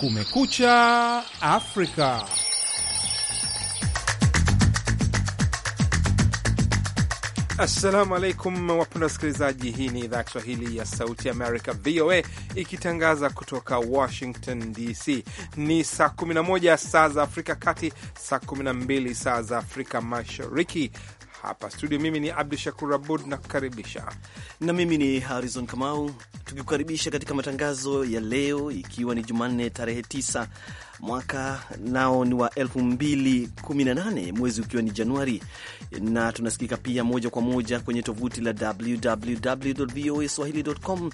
Kumekucha Afrika. Assalamu alaikum, wapenda wasikilizaji. Hii ni idhaa ya Kiswahili ya Sauti ya Amerika, VOA, ikitangaza kutoka Washington DC. Ni saa 11 saa za Afrika Kati, saa 12 saa za Afrika Mashariki. Hapa studio mimi ni Abdu Shakur Abud na kukaribisha, na mimi ni Harrison Kamau, tukikukaribisha katika matangazo ya leo, ikiwa ni Jumanne tarehe 9 mwaka nao ni wa 2018 mwezi ukiwa ni Januari, na tunasikika pia moja kwa moja kwenye tovuti la www voa swahili com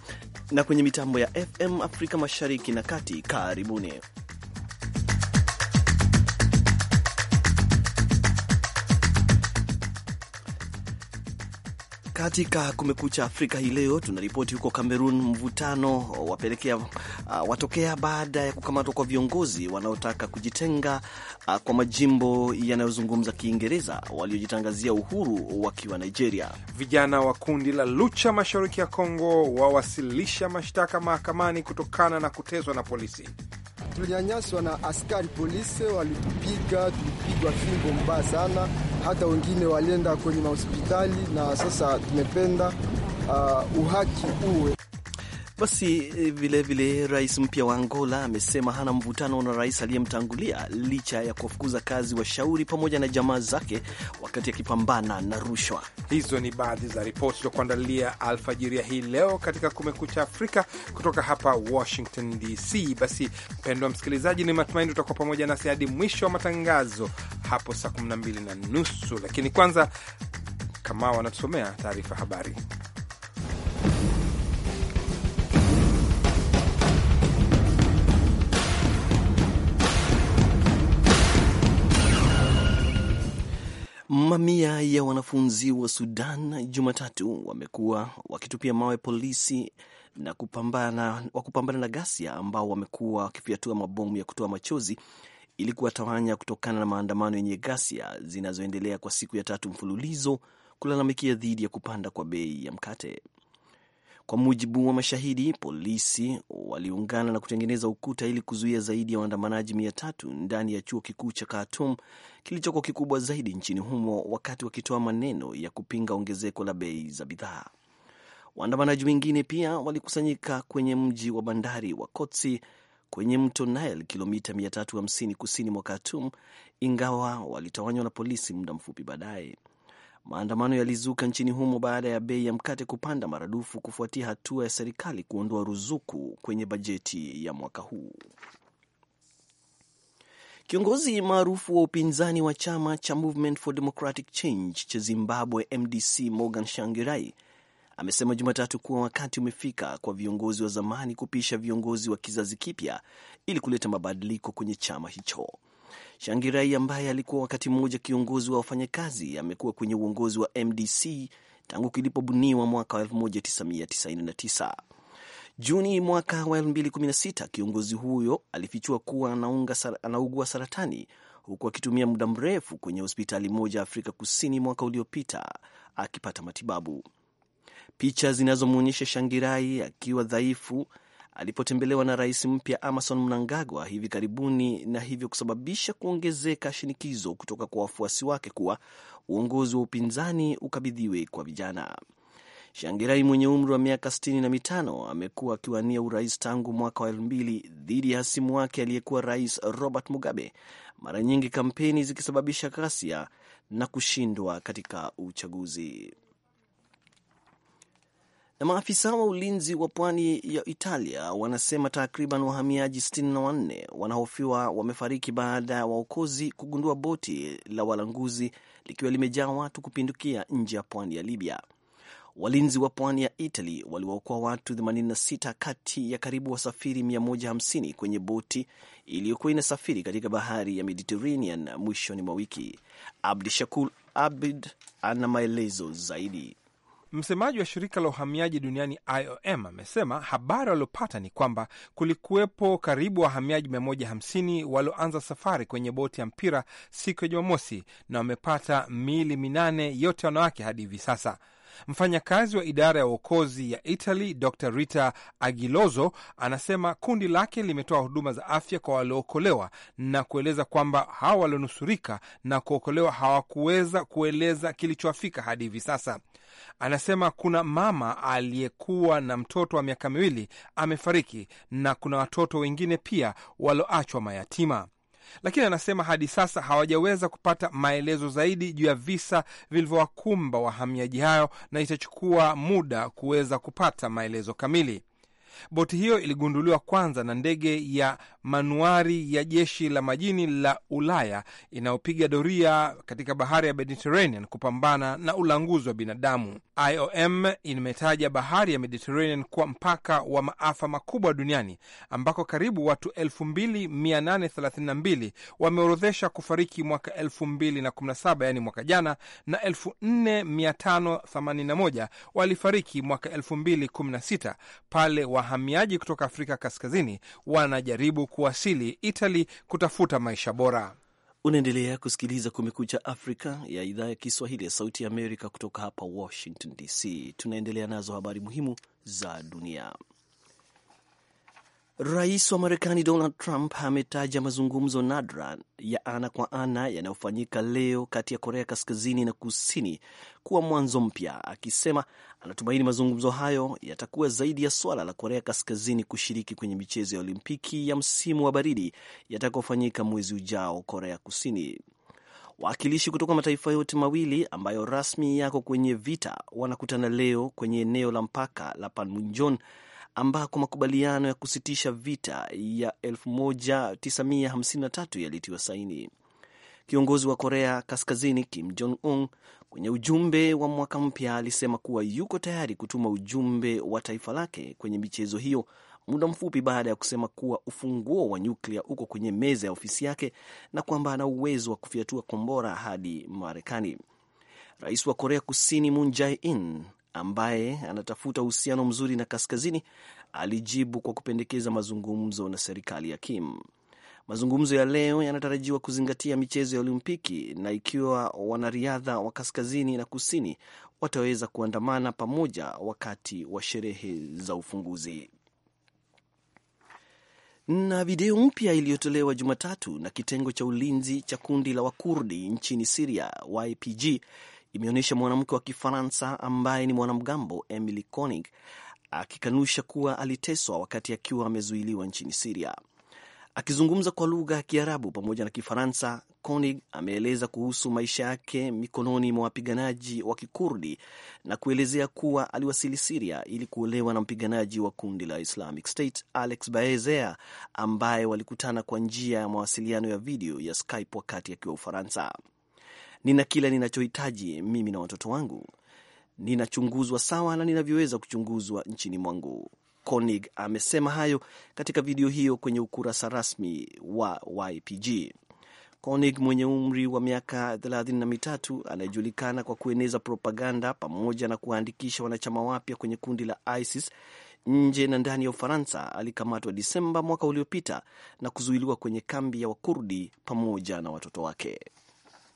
na kwenye mitambo ya FM Afrika mashariki na kati. Karibuni. Katika Kumekucha Afrika hii leo tunaripoti huko Kamerun, mvutano wapelekea uh, watokea baada ya kukamatwa kwa viongozi wanaotaka kujitenga uh, kwa majimbo yanayozungumza Kiingereza waliojitangazia uhuru wakiwa Nigeria. Vijana wa kundi la Lucha mashariki ya Kongo wawasilisha mashtaka mahakamani kutokana na kutezwa na polisi. Tulinyanyaswa na askari polisi, walitupiga, tulipigwa fimbo mbaya sana hata wengine walienda kwenye mahospitali, na sasa tumependa uh, uhaki uwe basi vilevile eh, vile, rais mpya wa Angola amesema hana mvutano na rais aliyemtangulia licha ya kuwafukuza kazi washauri pamoja na jamaa zake wakati akipambana na rushwa. Hizo ni baadhi za ripoti za kuandalia alfajiria hii leo katika Kumekucha Afrika kutoka hapa Washington DC. Basi mpendwa msikilizaji, ni matumaini utakuwa pamoja nasi hadi mwisho wa matangazo hapo saa 12 na nusu, lakini kwanza kama wanatusomea taarifa habari. Mamia ya wanafunzi wa Sudan Jumatatu wamekuwa wakitupia mawe polisi na kupambana, wa kupambana na ghasia ambao wamekuwa wakifyatua mabomu ya kutoa machozi ili kuwatawanya kutokana na maandamano yenye ghasia zinazoendelea kwa siku ya tatu mfululizo kulalamikia dhidi ya kupanda kwa bei ya mkate. Kwa mujibu wa mashahidi, polisi waliungana na kutengeneza ukuta ili kuzuia zaidi ya waandamanaji mia tatu ndani ya chuo kikuu cha Khartoum kilichoko kikubwa zaidi nchini humo, wakati wakitoa maneno ya kupinga ongezeko la bei za bidhaa. Waandamanaji wengine pia walikusanyika kwenye mji wa bandari wa Kotsi kwenye mto Nile, kilomita 350 kusini mwa Khartoum, ingawa walitawanywa na polisi muda mfupi baadaye. Maandamano yalizuka nchini humo baada ya bei ya mkate kupanda maradufu kufuatia hatua ya serikali kuondoa ruzuku kwenye bajeti ya mwaka huu. Kiongozi maarufu wa upinzani wa chama cha Movement for Democratic Change cha Zimbabwe, MDC, Morgan Shangirai amesema Jumatatu kuwa wakati umefika kwa viongozi wa zamani kupisha viongozi wa kizazi kipya ili kuleta mabadiliko kwenye chama hicho. Shangirai ambaye alikuwa wakati mmoja kiongozi wa wafanyakazi amekuwa kwenye uongozi wa MDC tangu kilipobuniwa mwaka wa 1999. Juni mwaka wa 2016 kiongozi huyo alifichua kuwa anaunga, anaugua saratani huku akitumia muda mrefu kwenye hospitali moja Afrika Kusini mwaka uliopita akipata matibabu. Picha zinazomwonyesha Shangirai akiwa dhaifu alipotembelewa na rais mpya Emmerson Mnangagwa hivi karibuni na hivyo kusababisha kuongezeka shinikizo kutoka kwa wafuasi wake kuwa uongozi wa upinzani ukabidhiwe kwa vijana. Shangirai mwenye umri wa miaka sitini na mitano amekuwa akiwania urais tangu mwaka wa elfu mbili dhidi ya hasimu wake aliyekuwa rais Robert Mugabe, mara nyingi kampeni zikisababisha ghasia na kushindwa katika uchaguzi na maafisa wa ulinzi wa pwani ya Italia wanasema takriban wahamiaji 64 wanahofiwa wamefariki baada ya waokozi kugundua boti la walanguzi likiwa limejaa watu kupindukia nje ya pwani ya Libya. Walinzi wa pwani ya Italy waliwaokoa watu 86 kati ya karibu wasafiri 150 kwenye boti iliyokuwa inasafiri katika bahari ya Mediterranean mwishoni mwa wiki. Abdi Abid ana maelezo zaidi. Msemaji wa shirika la uhamiaji duniani IOM amesema habari waliopata ni kwamba kulikuwepo karibu wahamiaji 150 walioanza safari kwenye boti ya mpira siku ya Jumamosi na wamepata miili minane, yote wanawake hadi hivi sasa. Mfanyakazi wa idara ya uokozi ya Italy, Dr Rita Agilozo, anasema kundi lake limetoa huduma za afya kwa waliookolewa na kueleza kwamba hawa walionusurika na kuokolewa hawakuweza kueleza kilichowafika hadi hivi sasa. Anasema kuna mama aliyekuwa na mtoto wa miaka miwili amefariki na kuna watoto wengine pia walioachwa mayatima lakini anasema hadi sasa hawajaweza kupata maelezo zaidi juu ya visa vilivyowakumba wahamiaji hayo na itachukua muda kuweza kupata maelezo kamili. Boti hiyo iligunduliwa kwanza na ndege ya manuari ya jeshi la majini la Ulaya inayopiga doria katika bahari ya Mediterranean kupambana na ulanguzi wa binadamu. IOM imetaja bahari ya Mediterranean kuwa mpaka wa maafa makubwa duniani ambako karibu watu 2832 wameorodhesha kufariki mwaka 2017 yani mwaka jana, na 4581 walifariki mwaka 2016 pale wahamiaji kutoka Afrika Kaskazini wanajaribu kuwasili Itali kutafuta maisha bora. Unaendelea kusikiliza Kumekucha Afrika ya idhaa ya Kiswahili ya Sauti ya Amerika kutoka hapa Washington DC. Tunaendelea nazo habari muhimu za dunia. Rais wa Marekani Donald Trump ametaja mazungumzo nadra ya ana kwa ana yanayofanyika leo kati ya Korea Kaskazini na Kusini kuwa mwanzo mpya, akisema anatumaini mazungumzo hayo yatakuwa zaidi ya swala la Korea Kaskazini kushiriki kwenye michezo ya Olimpiki ya msimu wa baridi yatakayofanyika mwezi ujao Korea Kusini. Wawakilishi kutoka mataifa yote mawili ambayo rasmi yako kwenye vita wanakutana leo kwenye eneo la mpaka la Panmunjom ambako makubaliano ya kusitisha vita ya 1953 yalitiwa saini. Kiongozi wa Korea Kaskazini Kim Jong Un kwenye ujumbe wa mwaka mpya alisema kuwa yuko tayari kutuma ujumbe wa taifa lake kwenye michezo hiyo muda mfupi baada ya kusema kuwa ufunguo wa nyuklia uko kwenye meza ya ofisi yake na kwamba ana uwezo wa kufiatua kombora hadi Marekani. Rais wa Korea Kusini Moon Jae-in ambaye anatafuta uhusiano mzuri na Kaskazini alijibu kwa kupendekeza mazungumzo na serikali ya Kim. Mazungumzo ya leo yanatarajiwa kuzingatia michezo ya Olimpiki na ikiwa wanariadha wa Kaskazini na Kusini wataweza kuandamana pamoja wakati wa sherehe za ufunguzi. Na video mpya iliyotolewa Jumatatu na kitengo cha ulinzi cha kundi la Wakurdi nchini Siria YPG imeonyesha mwanamke wa Kifaransa ambaye ni mwanamgambo Emily Konig akikanusha kuwa aliteswa wakati akiwa amezuiliwa nchini Siria. Akizungumza kwa lugha ya Kiarabu pamoja na Kifaransa, Konig ameeleza kuhusu maisha yake mikononi mwa wapiganaji wa Kikurdi na kuelezea kuwa aliwasili Siria ili kuolewa na mpiganaji wa kundi la Islamic State Alex Baezea, ambaye walikutana kwa njia ya mawasiliano ya video ya Skype wakati akiwa Ufaransa nina kila ninachohitaji mimi na watoto wangu, ninachunguzwa sawa na ninavyoweza kuchunguzwa nchini mwangu. Koenig amesema hayo katika video hiyo kwenye ukurasa rasmi wa YPG. Koenig mwenye umri wa miaka thelathini na mitatu anayejulikana kwa kueneza propaganda pamoja na kuwaandikisha wanachama wapya kwenye kundi la ISIS nje na ndani ya Ufaransa alikamatwa Disemba mwaka uliopita na kuzuiliwa kwenye kambi ya Wakurdi pamoja na watoto wake.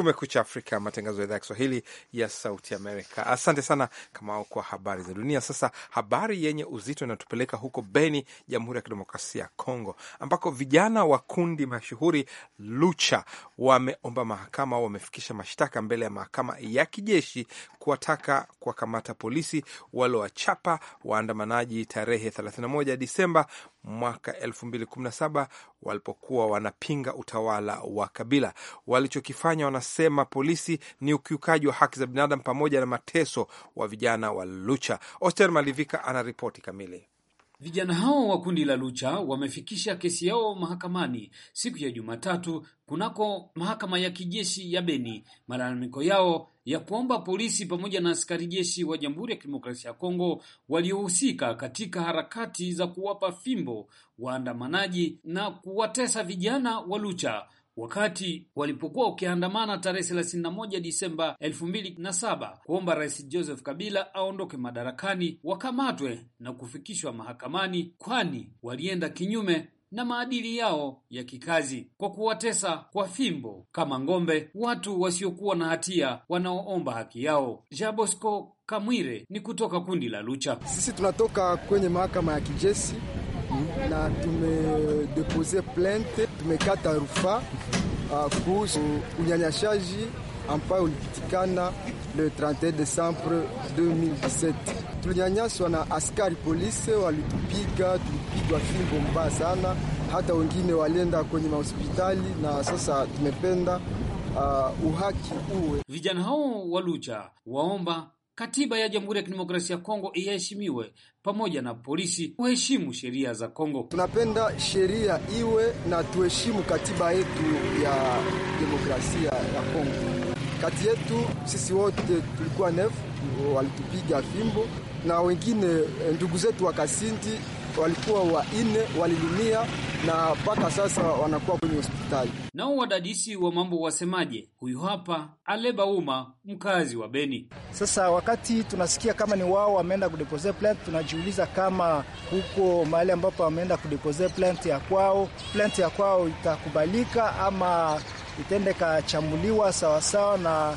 Kumekucha Afrika, matangazo ya idhaa ya Kiswahili ya Sauti Amerika. Asante sana Kamao kwa habari za dunia. Sasa habari yenye uzito inatupeleka huko Beni, Jamhuri ya Kidemokrasia ya Kongo, ambako vijana wa kundi mashuhuri Lucha wameomba mahakama au wamefikisha mashtaka mbele ya mahakama ya kijeshi kuwataka kuwakamata polisi waliowachapa waandamanaji tarehe 31 Disemba mwaka 2017 walipokuwa wanapinga utawala wa Kabila. Walichokifanya wanasema polisi ni ukiukaji wa haki za binadamu pamoja na mateso wa vijana wa Lucha. Oster Malivika ana ripoti kamili. Vijana hao wa kundi la Lucha wamefikisha kesi yao mahakamani siku ya Jumatatu kunako mahakama ya kijeshi ya Beni, malalamiko yao ya kuomba polisi pamoja na askari jeshi wa Jamhuri ya Kidemokrasia ya Kongo waliohusika katika harakati za kuwapa fimbo waandamanaji na kuwatesa vijana wa Lucha wakati walipokuwa wakiandamana tarehe 31 Disemba 2007 kuomba Rais Joseph Kabila aondoke madarakani, wakamatwe na kufikishwa mahakamani, kwani walienda kinyume na maadili yao ya kikazi kwa kuwatesa kwa fimbo kama ng'ombe watu wasiokuwa na hatia wanaoomba haki yao. Jabosco Kamwire ni kutoka kundi la Lucha. Sisi tunatoka kwenye mahakama ya kijeshi na tumedepose plainte tumekata rufaa uh, kuhusu unyanyashaji ambayo ulipitikana le 31 Desembre 2017. Tulinyanyaswa na askari polisi, walitupiga, tulipigwa fimbo mbaya sana, hata wengine walienda kwenye mahospitali, na sasa tumependa uh, uhaki uwe. Vijana hao wa Lucha waomba katiba ya Jamhuri ya Kidemokrasia ya Kongo iheshimiwe pamoja na polisi kuheshimu sheria za Kongo. Tunapenda sheria iwe na tuheshimu katiba yetu ya demokrasia ya Kongo. Kati yetu sisi wote tulikuwa nefu, walitupiga fimbo na wengine ndugu zetu wa Kasindi walikuwa wanne walilumia na mpaka sasa wanakuwa kwenye hospitali. Nao wadadisi wa mambo wasemaje? Huyu hapa Aleba Uma, mkazi wa Beni. Sasa wakati tunasikia kama ni wao wameenda kudepose plant, tunajiuliza kama huko mahali ambapo wameenda kudepose plant ya kwao, plant ya kwao itakubalika ama itende kachambuliwa sawasawa, na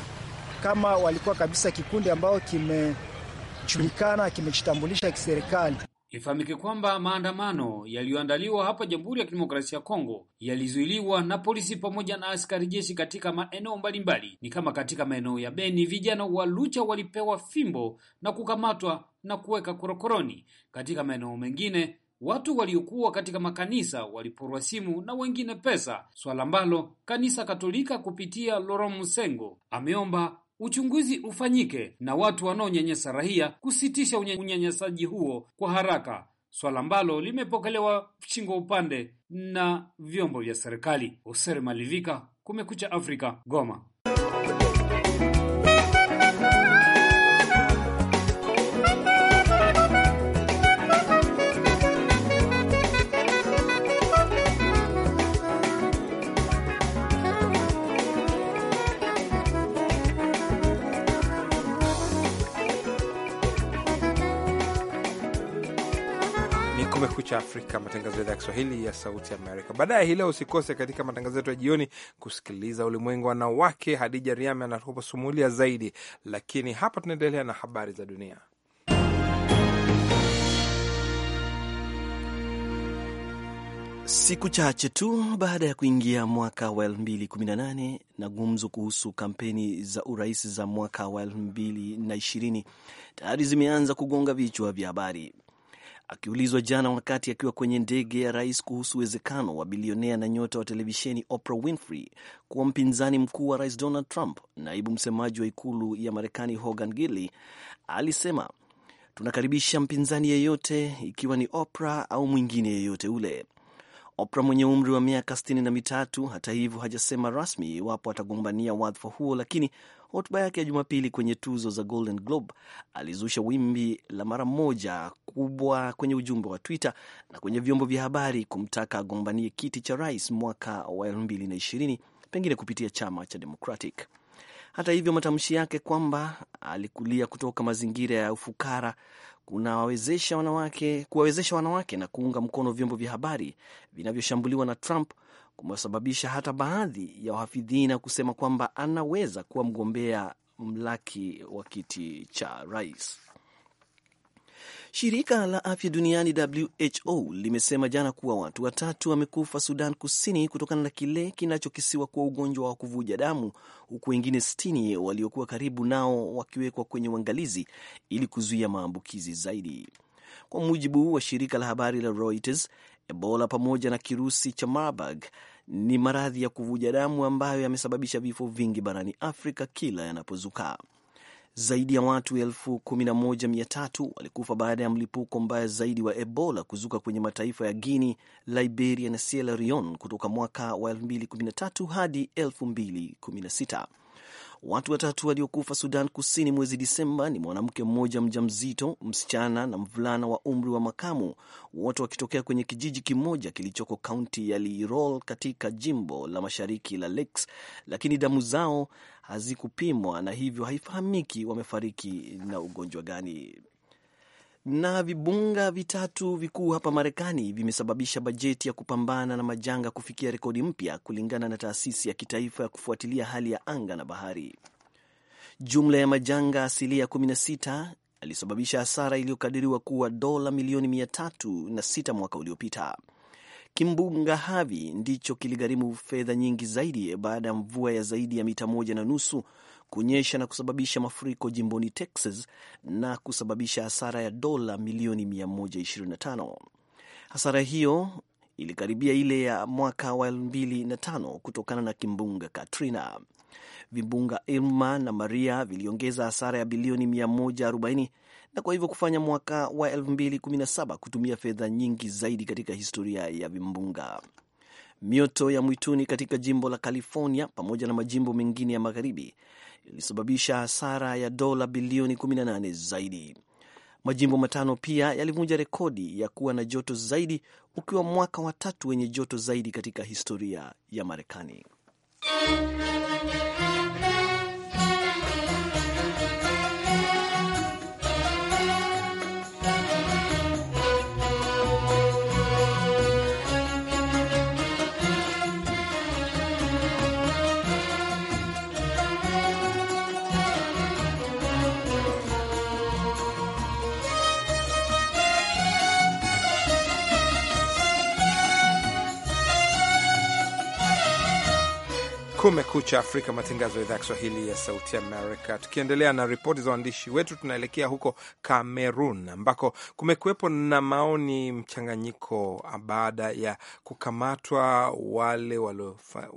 kama walikuwa kabisa kikundi ambao kimejulikana kimejitambulisha kiserikali. Ifahamike kwamba maandamano yaliyoandaliwa hapa Jamhuri ya Kidemokrasia ya Kongo yalizuiliwa na polisi pamoja na askari jeshi katika maeneo mbalimbali. Ni kama katika maeneo ya Beni, vijana wa Lucha walipewa fimbo na kukamatwa na kuweka korokoroni. Katika maeneo mengine watu waliokuwa katika makanisa waliporwa simu na wengine pesa, swala ambalo kanisa Katolika kupitia Loro Musengo ameomba uchunguzi ufanyike na watu wanaonyanyasa raia kusitisha unyanyasaji huo kwa haraka, swala ambalo limepokelewa shingo upande na vyombo vya serikali. Hoser Malivika, Kumekucha Afrika, Goma. Kumekucha Afrika, matangazo ya idhaa ya Kiswahili ya Sauti Amerika. Baadaye hii leo usikose katika matangazo yetu ya jioni kusikiliza Ulimwengu Wanawake. Hadija Riame anatusimulia zaidi, lakini hapa tunaendelea na habari za dunia. Siku chache tu baada ya kuingia mwaka wa 2018 na gumzo kuhusu kampeni za urais za mwaka wa 2020 tayari zimeanza kugonga vichwa vya habari. Akiulizwa jana wakati akiwa kwenye ndege ya rais kuhusu uwezekano wa bilionea na nyota wa televisheni Oprah Winfrey kuwa mpinzani mkuu wa rais Donald Trump, naibu msemaji wa ikulu ya Marekani Hogan Gilly alisema, tunakaribisha mpinzani yeyote, ikiwa ni Oprah au mwingine yeyote ule. Oprah mwenye umri wa miaka sitini na mitatu, hata hivyo, hajasema rasmi iwapo atagombania wadhifa huo, lakini Hotuba yake ya Jumapili kwenye tuzo za Golden Globe alizusha wimbi la mara moja kubwa kwenye ujumbe wa Twitter na kwenye vyombo vya habari kumtaka agombanie kiti cha rais mwaka wa ishirini pengine kupitia chama cha Democratic. Hata hivyo, matamshi yake kwamba alikulia kutoka mazingira ya ufukara kunawawezesha wanawake, kuwawezesha wanawake na kuunga mkono vyombo vya habari vinavyoshambuliwa na Trump kumewasababisha hata baadhi ya wahafidhina kusema kwamba anaweza kuwa mgombea mlaki wa kiti cha rais. Shirika la afya duniani WHO limesema jana kuwa watu watatu wamekufa Sudan Kusini kutokana na kile kinachokisiwa kuwa ugonjwa wa kuvuja damu, huku wengine sitini waliokuwa karibu nao wakiwekwa kwenye uangalizi ili kuzuia maambukizi zaidi. Kwa mujibu wa shirika la habari la Reuters, Ebola pamoja na kirusi cha Marburg ni maradhi ya kuvuja damu ambayo yamesababisha vifo vingi barani Afrika kila yanapozuka. Zaidi ya watu elfu kumi na moja mia tatu walikufa baada ya mlipuko mbaya zaidi wa Ebola kuzuka kwenye mataifa ya Guinea, Liberia na Sierra Leone kutoka mwaka wa 2013 hadi 2016. Watu watatu waliokufa Sudan Kusini mwezi Disemba ni mwanamke mmoja mjamzito, msichana na mvulana wa umri wa makamu, wote wakitokea kwenye kijiji kimoja kilichoko kaunti ya Lirol katika jimbo la mashariki la Lakes, lakini damu zao hazikupimwa na hivyo haifahamiki wamefariki na ugonjwa gani na vibunga vitatu vikuu hapa Marekani vimesababisha bajeti ya kupambana na majanga kufikia rekodi mpya, kulingana na taasisi ya kitaifa ya kufuatilia hali ya anga na bahari. Jumla ya majanga asilia 16 alisababisha hasara iliyokadiriwa kuwa dola milioni 306 mwaka uliopita. Kimbunga Havi ndicho kiligharimu fedha nyingi zaidi baada ya mvua ya zaidi ya mita moja na nusu kunyesha na kusababisha mafuriko jimboni Texas na kusababisha hasara ya dola milioni 125. Hasara hiyo ilikaribia ile ya mwaka wa 2005 kutokana na kimbunga Katrina. Vimbunga Irma na Maria viliongeza hasara ya bilioni na kwa hivyo kufanya mwaka wa 2017 kutumia fedha nyingi zaidi katika historia ya vimbunga. Mioto ya mwituni katika jimbo la California pamoja na majimbo mengine ya magharibi ilisababisha hasara ya dola bilioni 18 zaidi. Majimbo matano pia yalivunja rekodi ya kuwa na joto zaidi, ukiwa mwaka wa tatu wenye joto zaidi katika historia ya Marekani. Kumekucha Afrika, matangazo ya idhaa ya Kiswahili ya Sauti Amerika. Tukiendelea na ripoti za waandishi wetu, tunaelekea huko Kamerun ambako kumekuwepo na maoni mchanganyiko baada ya kukamatwa wale waliofa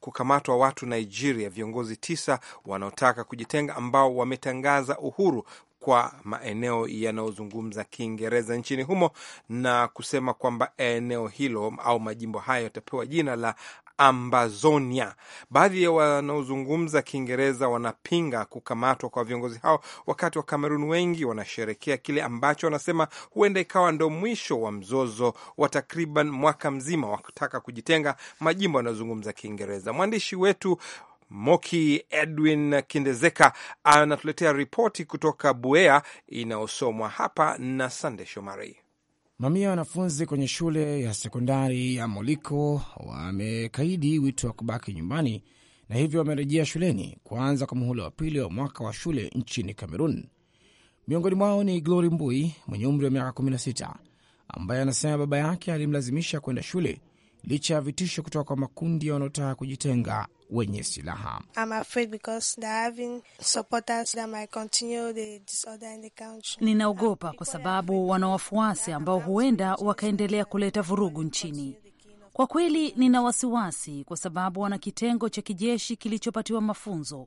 kukamatwa watu Nigeria, viongozi tisa wanaotaka kujitenga ambao wametangaza uhuru kwa maeneo yanayozungumza Kiingereza nchini humo na kusema kwamba eneo hilo au majimbo hayo yatapewa jina la Ambazonia. Baadhi ya wanaozungumza Kiingereza wanapinga kukamatwa kwa viongozi hao, wakati wa Kamerun wengi wanasherekea kile ambacho wanasema huenda ikawa ndo mwisho wa mzozo wa takriban mwaka mzima wa kutaka kujitenga majimbo yanayozungumza Kiingereza. Mwandishi wetu Moki Edwin Kindezeka anatuletea ripoti kutoka Buea inayosomwa hapa na Sande Shomari. Mamia ya wanafunzi kwenye shule ya sekondari ya Moliko wamekaidi wito wa kubaki nyumbani na hivyo wamerejea shuleni kuanza kwa muhula wa pili wa mwaka wa shule nchini Kamerun. Miongoni mwao ni glori Mbui mwenye umri wa miaka 16 ambaye anasema baba yake alimlazimisha kwenda shule licha ya vitisho kutoka kwa makundi wanaotaka kujitenga wenye silaha. Ninaogopa kwa sababu wana wafuasi ambao huenda wakaendelea kuleta vurugu nchini. Kwa kweli nina wasiwasi kwa sababu wana kitengo cha kijeshi kilichopatiwa mafunzo,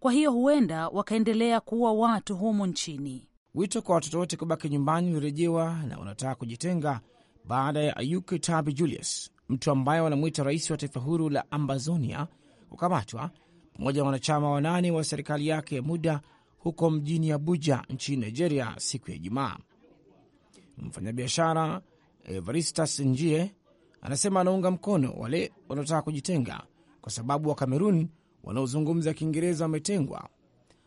kwa hiyo huenda wakaendelea kuua watu humu nchini. Wito kwa watoto wote kubaki nyumbani ulirejewa na wanataka kujitenga baada ya Ayuk tabi Julius, mtu ambaye wanamwita rais wa taifa huru la Ambazonia, kukamatwa pamoja na wanachama wanane wa serikali yake ya muda huko mjini Abuja nchini Nigeria siku ya Ijumaa. Mfanyabiashara evaristas Njie anasema anaunga mkono wale wanaotaka kujitenga kwa sababu wa Kamerun wanaozungumza Kiingereza wametengwa.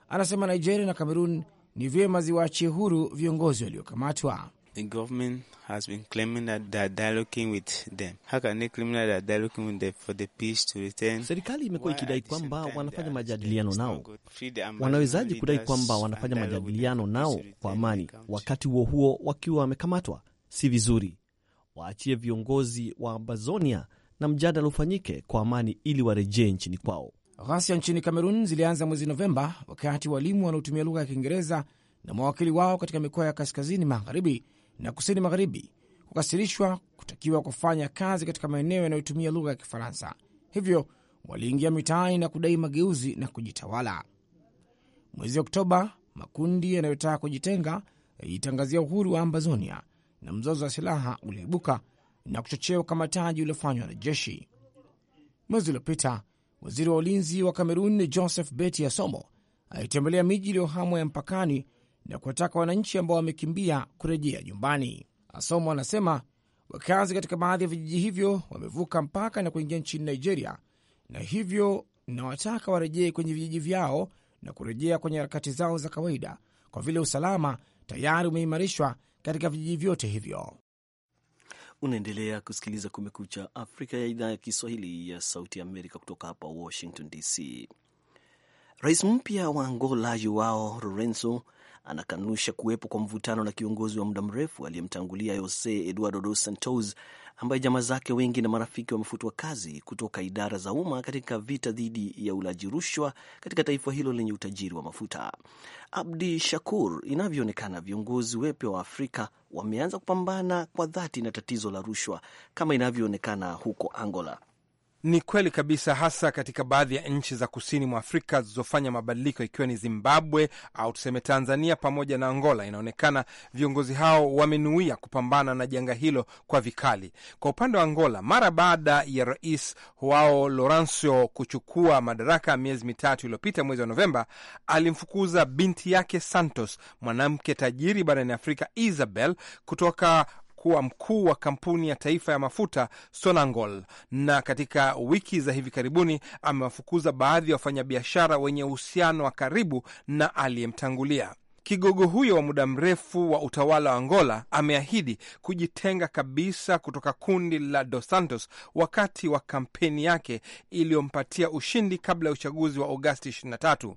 Anasema Nigeria na Kamerun ni vyema ziwaachie huru viongozi waliokamatwa. The government has been claiming that they are dialoguing with them. How can they claim that they are dialoguing with them for the peace to return? Serikali imekuwa ikidai kwamba wanafanya majadiliano nao. Wanawezaje kudai kwamba wanafanya majadiliano nao kwa amani, wakati huo huo wakiwa wamekamatwa? Si vizuri. Waachie viongozi wa Ambazonia na mjadala ufanyike kwa amani ili warejee nchini kwao. Ghasia nchini Kamerun zilianza mwezi Novemba wakati walimu wanaotumia lugha ya Kiingereza na mawakili wao katika mikoa ya kaskazini magharibi na kusini magharibi kukasirishwa kutakiwa kufanya kazi katika maeneo yanayotumia lugha ya Kifaransa. Hivyo waliingia mitaani na kudai mageuzi na kujitawala. Mwezi Oktoba, makundi yanayotaka kujitenga yalijitangazia uhuru wa Ambazonia na mzozo wa silaha uliibuka na kuchochea ukamataji uliofanywa na jeshi. Mwezi uliopita, waziri wa ulinzi wa Kamerun Joseph Beti Asomo alitembelea miji iliyohamwa ya mpakani na kuwataka wananchi ambao wamekimbia kurejea nyumbani. Asomo anasema wakazi katika baadhi ya vijiji hivyo wamevuka mpaka na kuingia nchini Nigeria, na hivyo nawataka warejee kwenye vijiji vyao na kurejea kwenye harakati zao za kawaida, kwa vile usalama tayari umeimarishwa katika vijiji vyote hivyo. Unaendelea kusikiliza Kumekucha Afrika ya idhaa ya Kiswahili ya Sauti Amerika kutoka hapa Washington DC. Rais mpya wa Angola Joao Lorenzo anakanusha kuwepo kwa mvutano na kiongozi wa muda mrefu aliyemtangulia Jose Eduardo Dos Santos, ambaye jamaa zake wengi na marafiki wamefutwa kazi kutoka idara za umma katika vita dhidi ya ulaji rushwa katika taifa hilo lenye utajiri wa mafuta. Abdi Shakur, inavyoonekana viongozi wapya wa Afrika wameanza kupambana kwa dhati na tatizo la rushwa kama inavyoonekana huko Angola. Ni kweli kabisa, hasa katika baadhi ya nchi za kusini mwa Afrika zilizofanya mabadiliko, ikiwa ni Zimbabwe au tuseme Tanzania pamoja na Angola. Inaonekana viongozi hao wamenuia kupambana na janga hilo kwa vikali. Kwa upande wa Angola, mara baada ya rais wao Lourenco kuchukua madaraka miezi mitatu iliyopita, mwezi wa Novemba, alimfukuza binti yake Santos, mwanamke tajiri barani Afrika, Isabel kutoka kuwa mkuu wa kampuni ya taifa ya mafuta Sonangol, na katika wiki za hivi karibuni amewafukuza baadhi ya wafanyabiashara wenye uhusiano wa karibu na aliyemtangulia. Kigogo huyo wa muda mrefu wa utawala wa Angola ameahidi kujitenga kabisa kutoka kundi la Dos Santos wakati wa kampeni yake iliyompatia ushindi kabla ya uchaguzi wa Agosti 23.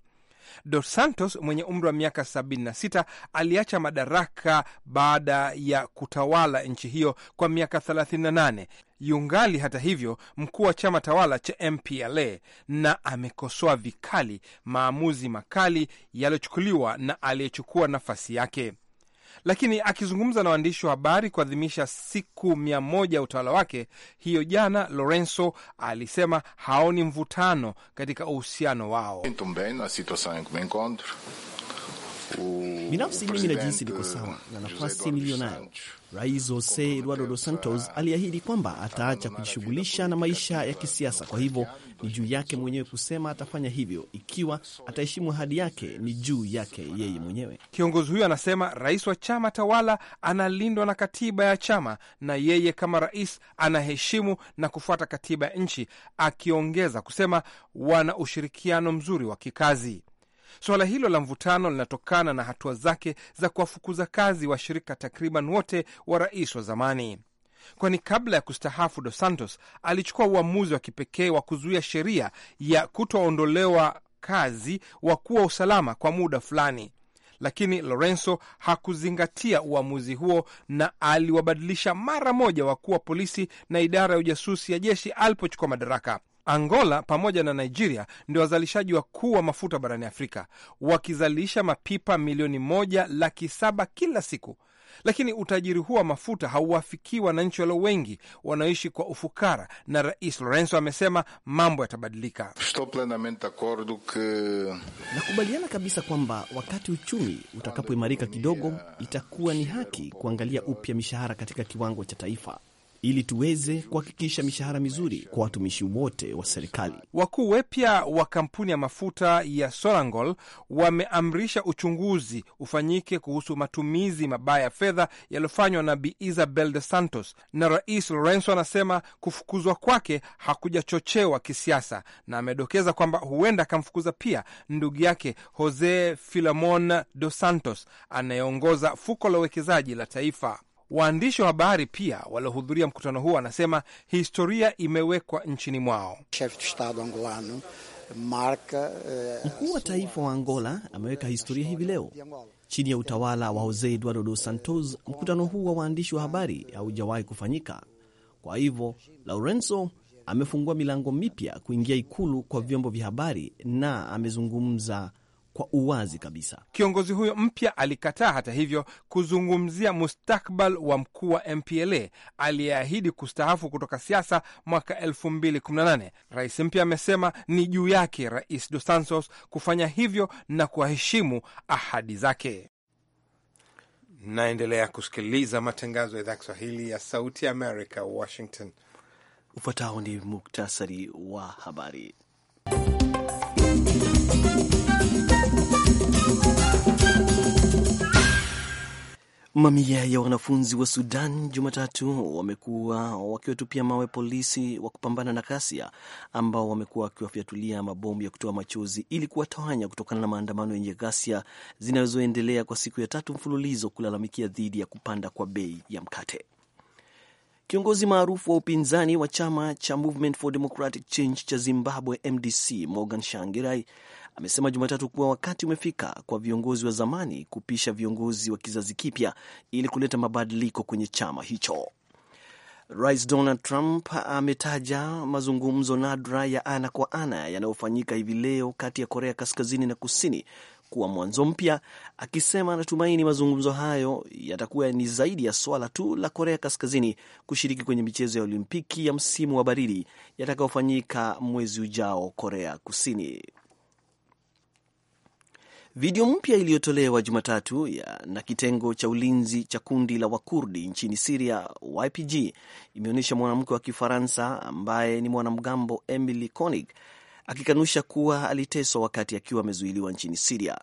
Dos Santos mwenye umri wa miaka 76 aliacha madaraka baada ya kutawala nchi hiyo kwa miaka 38. Yungali hata hivyo mkuu wa chama tawala cha MPLA na amekosoa vikali maamuzi makali yaliyochukuliwa na aliyechukua nafasi yake. Lakini akizungumza na waandishi wa habari kuadhimisha siku mia moja ya utawala wake hiyo jana, Lorenzo alisema haoni mvutano katika uhusiano wao. Binafsi mimi najihisi niko uh, sawa na nafasi nayo Rais Jose Eduardo Dos Santos aliahidi kwamba ataacha kujishughulisha na maisha ya kisiasa, kwa hivyo ni juu yake mwenyewe kusema atafanya hivyo. Ikiwa ataheshimu ahadi yake, ni juu yake yeye mwenyewe. Kiongozi huyo anasema rais wa chama tawala analindwa na katiba ya chama, na yeye kama rais anaheshimu na kufuata katiba ya nchi, akiongeza kusema wana ushirikiano mzuri wa kikazi. Suala hilo la mvutano linatokana na hatua zake za kuwafukuza kazi washirika takriban wote wa rais wa zamani, kwani kabla ya kustahafu Dos Santos alichukua uamuzi wa kipekee wa kuzuia sheria ya kutoondolewa kazi wakuu wa usalama kwa muda fulani, lakini Lorenzo hakuzingatia uamuzi huo na aliwabadilisha mara moja wakuu wa polisi na idara ya ujasusi ya jeshi alipochukua madaraka. Angola pamoja na Nigeria ndio wazalishaji wakuu wa mafuta barani Afrika, wakizalisha mapipa milioni moja laki saba kila siku. Lakini utajiri huo wa mafuta hauwafikii wananchi walio wengi wanaoishi kwa ufukara, na Rais Lorenzo amesema mambo yatabadilika. Nakubaliana kabisa kwamba wakati uchumi utakapoimarika kidogo, itakuwa ni haki kuangalia upya mishahara katika kiwango cha taifa ili tuweze kuhakikisha mishahara mizuri kwa watumishi wote wa serikali. Wakuu wapya wa kampuni ya mafuta ya Sorangol wameamrisha uchunguzi ufanyike kuhusu matumizi mabaya ya fedha yaliyofanywa na Bi Isabel de Santos, na Rais Lorenzo anasema kufukuzwa kwake hakujachochewa kisiasa, na amedokeza kwamba huenda akamfukuza pia ndugu yake Jose Filemon dos Santos anayeongoza fuko la uwekezaji la taifa. Waandishi wa habari pia waliohudhuria mkutano huo wanasema historia imewekwa nchini mwao. Eh, Mkuu wa taifa wa Angola ameweka historia hivi leo chini ya utawala wa Jose Eduardo dos Santos. Mkutano huu wa waandishi wa habari haujawahi kufanyika, kwa hivyo Laurenso amefungua milango mipya kuingia ikulu kwa vyombo vya habari na amezungumza kwa uwazi kabisa. Kiongozi huyo mpya alikataa hata hivyo kuzungumzia mustakbal wa mkuu wa MPLA aliyeahidi kustaafu kutoka siasa mwaka 2018. Rais mpya amesema ni juu yake Rais Dos Santos kufanya hivyo na kuwaheshimu ahadi zake. Naendelea kusikiliza matangazo ya idhaa Kiswahili ya Sauti ya Amerika, Washington. Ufuatao ni muktasari wa habari. Mamia ya wanafunzi wa Sudan Jumatatu wamekuwa wakiwatupia mawe polisi wa kupambana na ghasia ambao wamekuwa wakiwafyatulia mabomu ya kutoa machozi ili kuwatawanya kutokana na maandamano yenye ghasia zinazoendelea kwa siku ya tatu mfululizo kulalamikia dhidi ya kupanda kwa bei ya mkate. Kiongozi maarufu wa upinzani wa chama cha Movement for Democratic Change cha Zimbabwe MDC Morgan Shangirai amesema Jumatatu kuwa wakati umefika kwa viongozi wa zamani kupisha viongozi wa kizazi kipya ili kuleta mabadiliko kwenye chama hicho. Rais Donald Trump ametaja mazungumzo nadra ya ana kwa ana yanayofanyika hivi leo kati ya Korea Kaskazini na Kusini kuwa mwanzo mpya, akisema anatumaini mazungumzo hayo yatakuwa ni zaidi ya swala tu la Korea Kaskazini kushiriki kwenye michezo ya Olimpiki ya msimu wa baridi yatakayofanyika mwezi ujao Korea Kusini. Video mpya iliyotolewa Jumatatu na kitengo cha ulinzi cha kundi la Wakurdi nchini Siria, YPG, imeonyesha mwanamke wa Kifaransa ambaye ni mwanamgambo Emily Konig akikanusha kuwa aliteswa wakati akiwa amezuiliwa nchini Siria.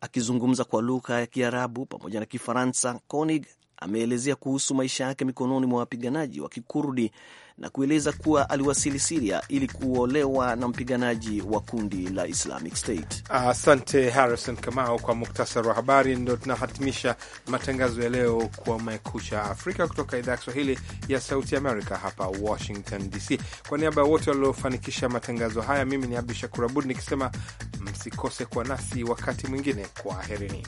Akizungumza kwa lugha ya Kiarabu pamoja na Kifaransa, Konig ameelezea kuhusu maisha yake mikononi mwa wapiganaji wa Kikurdi na kueleza kuwa aliwasili Siria ili kuolewa na mpiganaji wa kundi la Islamic State. Asante Harrison Kamau kwa muktasari wa habari. Ndo tunahatimisha matangazo ya leo kwa Mekucha Afrika kutoka idhaa ya Kiswahili ya Sauti Amerika hapa Washington DC. Kwa niaba ya wote waliofanikisha matangazo haya, mimi ni Abdu Shakur Abud nikisema msikose kuwa nasi wakati mwingine. Kwaherini.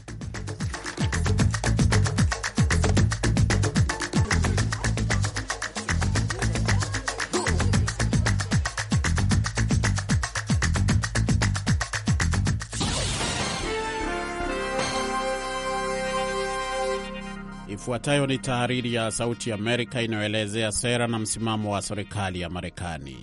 Ifuatayo ni tahariri ya Sauti Amerika inayoelezea sera na msimamo wa serikali ya Marekani.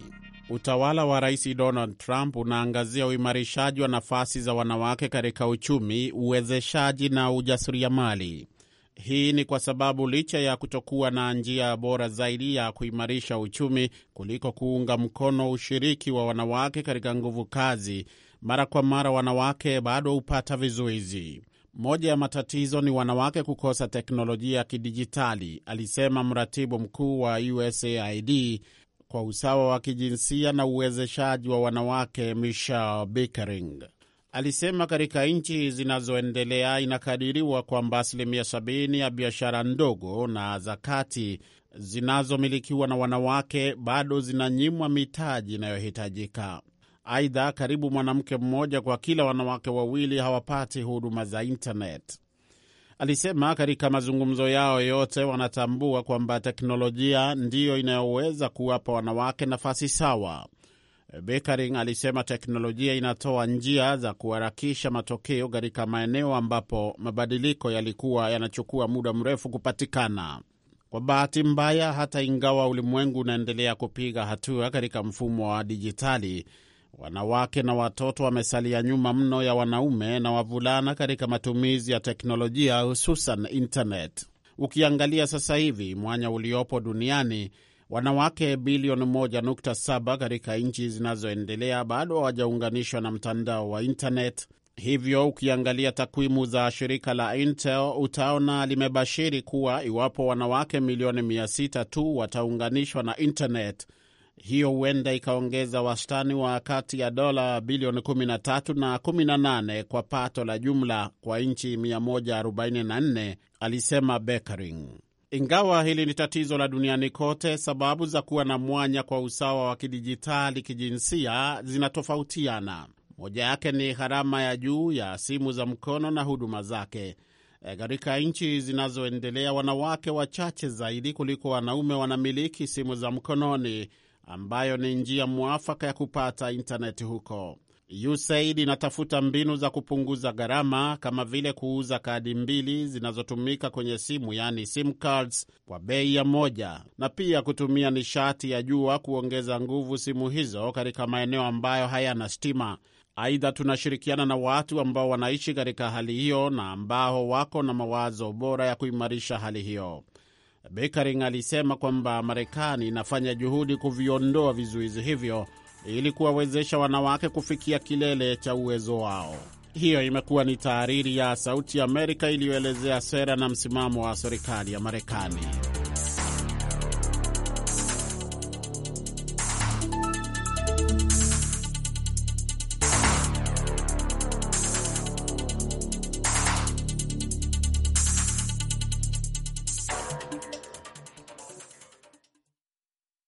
Utawala wa Rais Donald Trump unaangazia uimarishaji wa nafasi za wanawake katika uchumi, uwezeshaji na ujasiriamali. Hii ni kwa sababu licha ya kutokuwa na njia bora zaidi ya kuimarisha uchumi kuliko kuunga mkono ushiriki wa wanawake katika nguvu kazi, mara kwa mara wanawake bado hupata vizuizi moja ya matatizo ni wanawake kukosa teknolojia ya kidijitali, alisema mratibu mkuu wa USAID kwa usawa wa kijinsia na uwezeshaji wa wanawake Michelle Bickering. Alisema katika nchi zinazoendelea inakadiriwa kwamba asilimia 70 ya biashara ndogo na za kati zinazomilikiwa na wanawake bado zinanyimwa mitaji inayohitajika. Aidha, karibu mwanamke mmoja kwa kila wanawake wawili hawapati huduma za intanet. Alisema katika mazungumzo yao yote wanatambua kwamba teknolojia ndiyo inayoweza kuwapa wanawake nafasi sawa. Bekering alisema teknolojia inatoa njia za kuharakisha matokeo katika maeneo ambapo mabadiliko yalikuwa yanachukua muda mrefu kupatikana. Kwa bahati mbaya, hata ingawa ulimwengu unaendelea kupiga hatua katika mfumo wa dijitali, wanawake na watoto wamesalia nyuma mno ya wanaume na wavulana katika matumizi ya teknolojia, hususan internet. Ukiangalia sasa hivi mwanya uliopo duniani, wanawake bilioni 1.7 katika nchi zinazoendelea bado hawajaunganishwa na mtandao wa internet. Hivyo ukiangalia takwimu za shirika la Intel utaona limebashiri kuwa iwapo wanawake milioni 600 tu wataunganishwa na internet hiyo huenda ikaongeza wastani wa kati ya dola bilioni 13 na 18 kwa pato la jumla kwa nchi 144, alisema Bekering. Ingawa hili ni tatizo la duniani kote, sababu za kuwa na mwanya kwa usawa wa kidijitali kijinsia zinatofautiana. Moja yake ni gharama ya juu ya simu za mkono na huduma zake. E, katika nchi zinazoendelea, wanawake wachache zaidi kuliko wanaume wanamiliki simu za mkononi ambayo ni njia mwafaka ya kupata intaneti huko. USAID inatafuta mbinu za kupunguza gharama kama vile kuuza kadi mbili zinazotumika kwenye simu, yaani sim cards, kwa bei ya moja, na pia kutumia nishati ya jua kuongeza nguvu simu hizo katika maeneo ambayo hayana stima. Aidha, tunashirikiana na watu ambao wanaishi katika hali hiyo na ambao wako na mawazo bora ya kuimarisha hali hiyo. Bekaring alisema kwamba Marekani inafanya juhudi kuviondoa vizuizi hivyo ili kuwawezesha wanawake kufikia kilele cha uwezo wao. Hiyo imekuwa ni tahariri ya Sauti ya Amerika iliyoelezea sera na msimamo wa serikali ya Marekani.